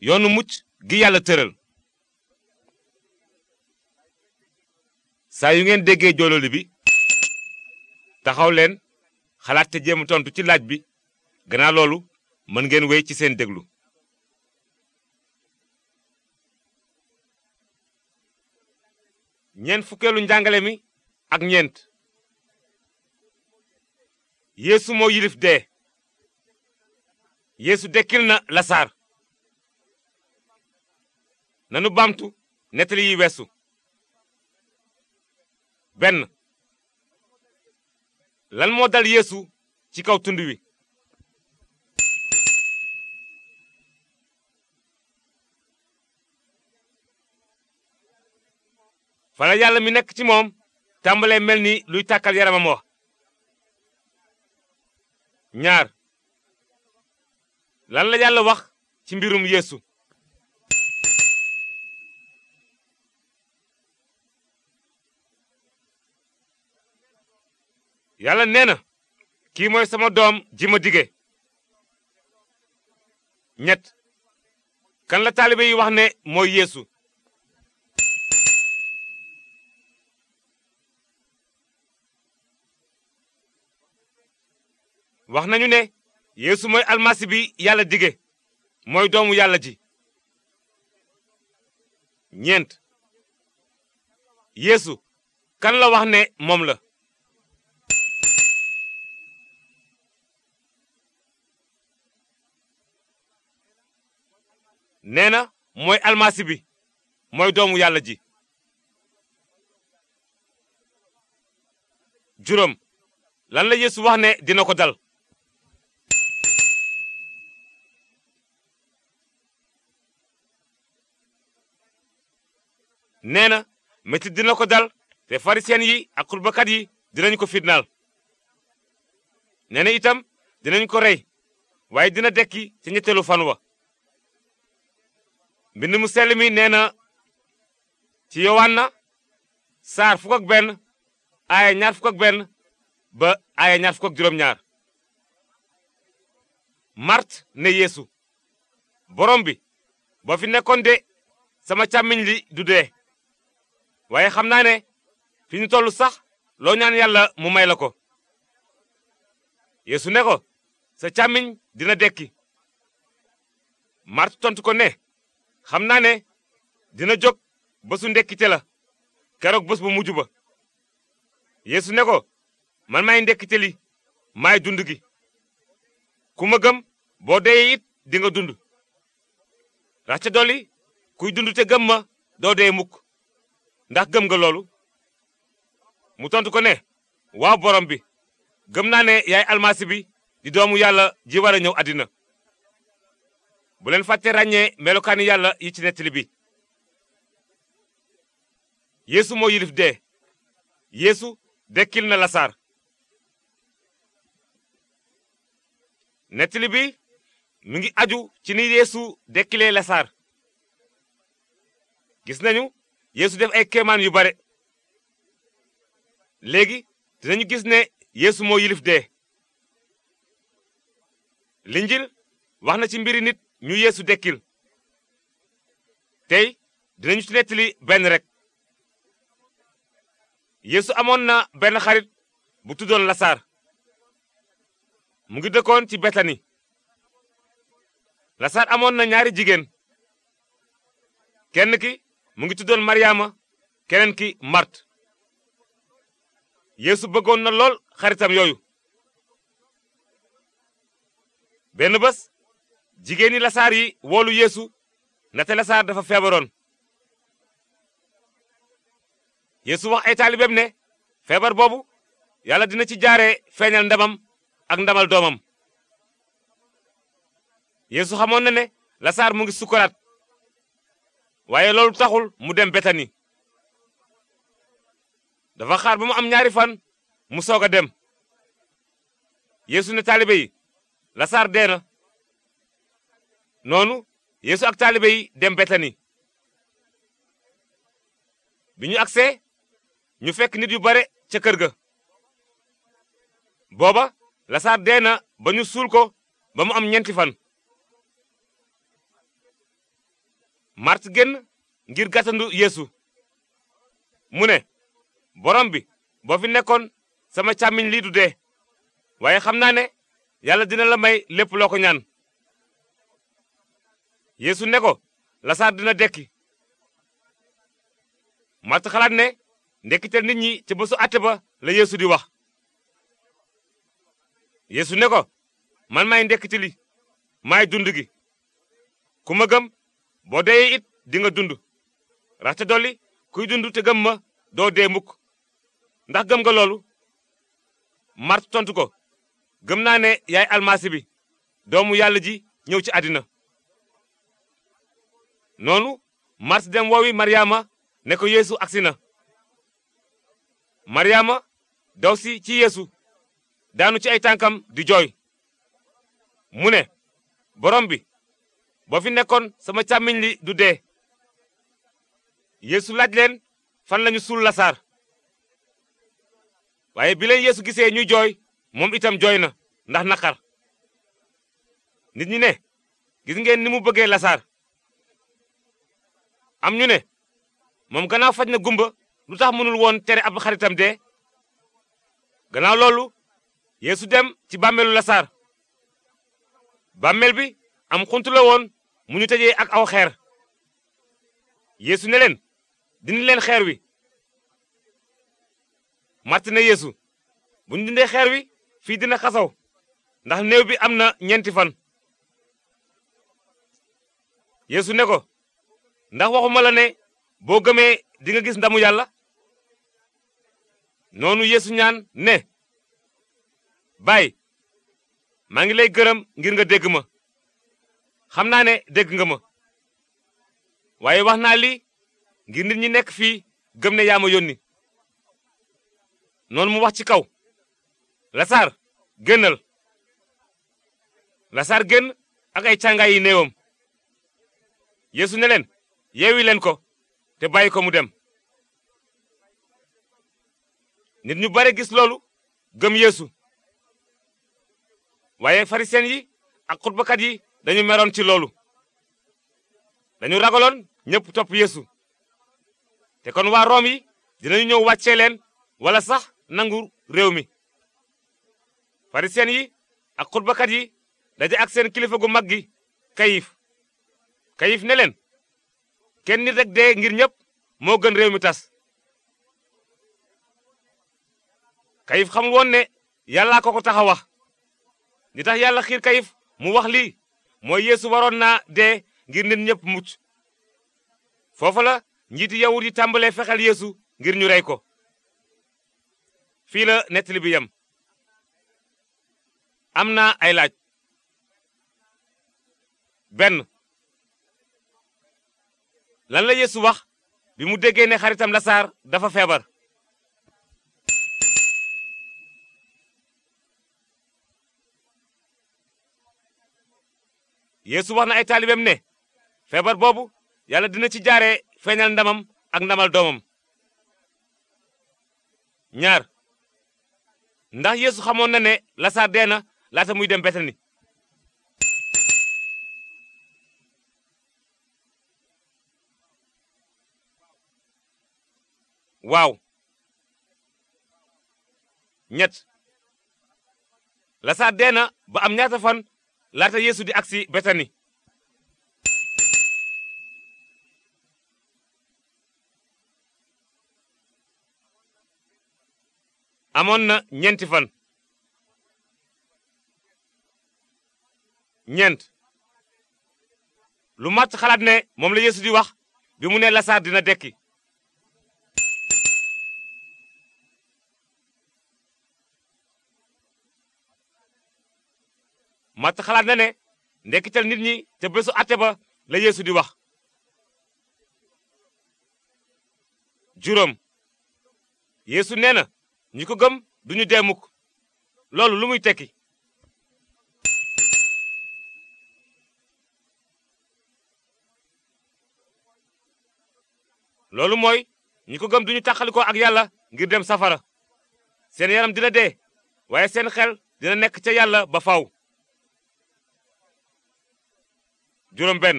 yoonu mucc gi yàlla tëral saa yu ngeen déggee joololi bi taxaw leen xalaat te tontu ci laaj bi gannaaw loolu mën ngeen wéy ci seen déglu ñeent fukkeelu njàngale mi ak ñeent yéesu moo yilif dee yeesu dekkil na lasaar nanu baamtu nettali yi weesu benn lan moo dal yeesu ci kaw tund wi fala yàlla mi nekk ci moom tàmbalee mel ni luy tàkkal yaramam wax ñaar lan la yàlla wax ci mbirum yeesu yàlla nee na kii mooy sama doom ji ma dige ñett kan la taalibe yi wax ne mooy yeesu wax nañu ne yeesu mooy almasi bi yàlla dige mooy doomu yàlla ji ñeent yeesu kan la wax ne moom la nee na mooy almasi bi mooy doomu yàlla ji juróom lan la yeesu wax ne dina ko dal nee na metit dina ko dal te farisiyen yi ak xutbakat yi dinañ ko fitnaal nee na itam dinañ ko rey waaye dina dekki ci telu fan wa mbind mu sell mi nee na ci yowanna saar fukk ak benn aaya ñaar fukk ak ba aaya ñaar fukk ak juróom-ñaar mart ne yeesu borom bi boo fi nekkoon de sama càmmiñ li du dee waaye xam naa ne fi ñu toll sax loo ñaan yàlla mu may la ko yeesu ne ko sa càmmiñ dina dekki mart tontu ko ne xam naa ne dina jóg bésu ndekkite la keroog bés bu mujj ba yeesu ne ko man maay ndekkite li maay dund gi ku ma gëm boo dee it di nga dund rax ca dolli kuy dund te gëmma doo dee mukk ndax gëm nga loolu mu tontu ko ne waaw borom bi gëm naa ne yaay almasi bi di doomu yàlla ji war ñëw àddina bu leen fàtte ràññee melokaani yàlla yi ci nettali bi yeesu moo yilif dee yeesu dekkil na lasaar nettali bi mu ngi aju ci ni yeesu dekkilee lasaar gis nañu yeesu def ay kéemaan yu bare léegi dinañu gis ne yéesu moo yilif dee linjil wax na ci mbiri nit ñu yeesu dekkil tey dinañu ci nettali benn rekk yéesu amoon na benn xarit bu tuddoon lasaar mu ngi dëkkoon ci betani lasaar amoon na ñaari jigéen kenn ki mu ngi tuddoon maryaama keneen ki mart yéesu bëggoon na lool xaritam yooyu jigéeni lasaar yi woolu yéesu ndaxte lasaar dafa feebaroon yeesu wax ay taalibeem ne feebar boobu yàlla dina ci jaare feeñal ndamam ak ndamal doomam yéesu xamoon na ne lasaar mu ngi sukkaraat waaye loolu taxul mu dem betani dafa xaar ba mu am ñaari fan mu soog a dem yéesu ne taalibe yi lasaar dee noonu yeesu ak taalibe dem betani bi ñu agsee ñu fekk nit yu bare ca kër ga booba lasaar dee na ba ñu suul ko ba mu am ñeenti fan màrt génn ngir gàttandu yéesu mu ne borom bi boo fi nekkoon sama càmmiñ lii du dee waaye xam naa ne yàlla dina la may lépp loo ko ñaan yeesu ne ko lasaar dina dekki marta xalaat ne ndekkitel nit ñi ca bésu àtte ba la yéesu di wax yéesu ne ko man maay ndekkiteli may dund gi ku ma gëm boo dee it di nga dund raxte dolli kuy dund te gëmma ma doo dee mukk ndax gëm nga loolu mart tontu ko gëm naa ne yaay almasi bi doomu yàlla ji ñëw ci àddina noonu mars dem woowi maryaama ne ko yeesu agsi na maryaama daw si ci yéesu daanu ci ay tànkam di jooy mu ne borom bi boo fi nekkoon sama càmmiñ li du dee yéesu laaj leen fan lañu suul lasaar waaye bi leen yeesu gisee ñuy jooy moom itam jooy na ndax naqar nit ñi ne gis ngeen ni mu bëggee lasaar am ñu ne moom ganaaw faj na gumba lu tax mënul woon tere ab xaritam dee ganaaw loolu yéesu dem ci bàmmeelu lasaar bàmmeel bi am xunt woon mu ñu tëjee ak aw xeer yéesu ne leen dindi leen xeer wi màtt ne yéesu bu ñu dindee xeer wi fii dina xasaw ndax néew bi am na ñeenti fan yeesu ne ko ndax waxuma la ne boo gëmee di gis ndamu yàlla noonu yeesu ñaan ne bay maa ngi lay gërëm ngir nga dégg ma xam naa ne dégg nga ma waaye wax naa li ngir nit ñi nekk fii gëm ne yaa ma yónni noonu mu wax ci kaw lasaar génnal lasaar génn ak ay càngaay yi néewam yéesu ne leen yeewi leen ko te bàyyi ko mu dem nit ñu bare gis loolu gëm yéesu waaye farisen yi ak xutbakat yi dañu meroon ci loolu dañu ragaloon ñëpp topp yeesu te kon waa room yi dinañu ñëw wàccee leen wala sax nangu réew mi farisen yi ak xutbakat yi daje ak seen kilifa gu mag gi kayif kayif ne leen kenn nit rek dee ngir ñëpp moo gën réew mi tas kayif xamul woon ne yàllaa ko ko tax a wax li tax yàlla xiir kayif mu wax lii mooy yéesu waroon naa dee ngir nit ñëpp mucc foofu la njiiti yawut yi tàmbalee fexel yéesu ngir ñu rey ko fii la nettali bi yem am na ay laaj benn lan la yeesu wax bi mu déggee ne xaritam lasaar dafa feebar yéesu wax na ay taalibeem ne feebar boobu yàlla dina ci jaare feeñal ndamam ak ndamal doomam ñaar ndax yéesu xamoon na ne lasaar dee na laata muy dem betani waaw ñett lasaar dee ba am ñaata fan laata yéesu di agsi betani amoon na ñeenti fan ñeent lu màtt xalaat ne moom la yeesu di wax bi mu ne lasaar dina dekki mat xalaat na ne ndekkital nit ñi te bésu àtte ba la Yeesu di wax. juróom yéesu nee na ñi ko gëm duñu dee mukk loolu lu muy tekki. loolu mooy ñi ko gëm duñu tàqalikoo ak yàlla ngir dem safara seen yaram dina dee waaye seen xel dina nekk ca yàlla ba faw juróom benn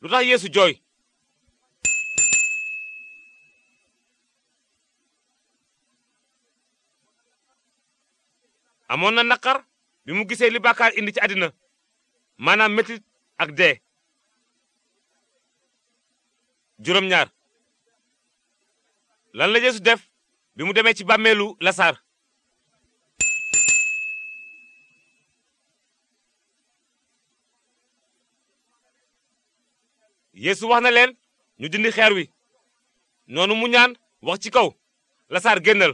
lu tax yeesu jooy amoon na naqar bi mu gisee li bàkkaar indi ci àddina maanaam metit ak dee juróom ñaar lan la yeesu def bi mu demee ci bàmmeelu lasaar yeesu wax na leen ñu dindi xeer wi noonu mu ñaan wax ci kaw lasaar génnal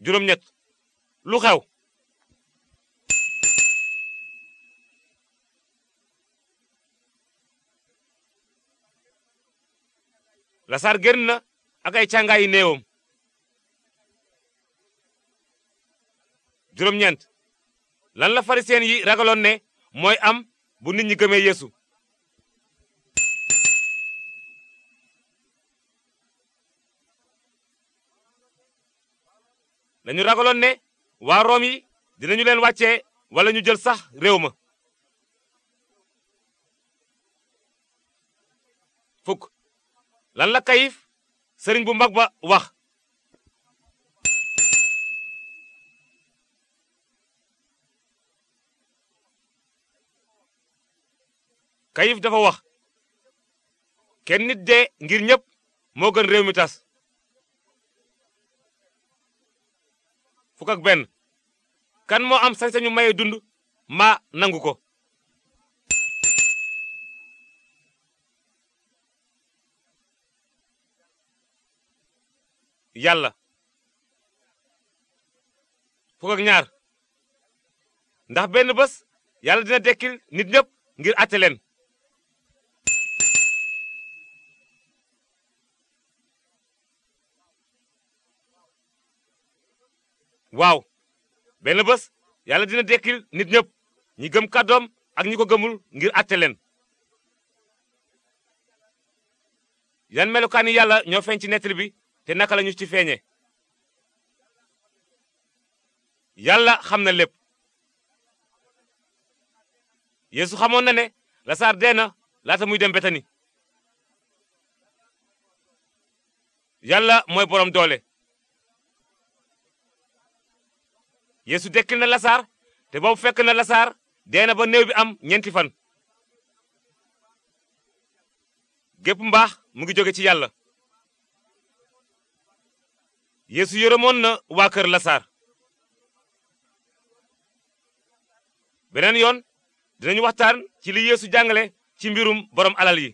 juróom ñett lu xew lasaar génn na ak ay càngaay néewam juróom ñeent lan la pharisien yi ragaloon ne mooy am bu nit ñi gëme yéesu dañu ragaloon ne waa Room yi dinañu leen wàcce walla ñu jël sax réew ma fukk lan la kayif sëriñ bu mag ba wax kayif dafa wax kenn nit dee ngir ñépp moo gën réew mi tas fukk ak benn kan moo am sañ-sañu maye dund maa nangu ko yàlla fukk ak ñaar ndax benn bés yàlla dina dekkil nit ñëpp ngir àtte leen waaw benn bés yàlla dina dekkil nit ñëpp ñi gëm kàddoom ak ñi ko gëmul ngir àtte leen. yan melukaani yàlla ñoo feeñ ci nettali bi te naka la ci feeñee. yàlla xam na lépp. yéesu xamoon na ne lasaar dee na laata muy dem betani. yàlla mooy borom doole. yeesu dekkil na lasaar te bu fekk na lasaar dee na ba néew bi am ñeenti fan gépp mbaax mu ngi jóge ci yàlla yeesu yërëmoon na waa kër lasaar beneen yoon dinañu waxtaan ci li yéesu jàngale ci mbirum borom alal yi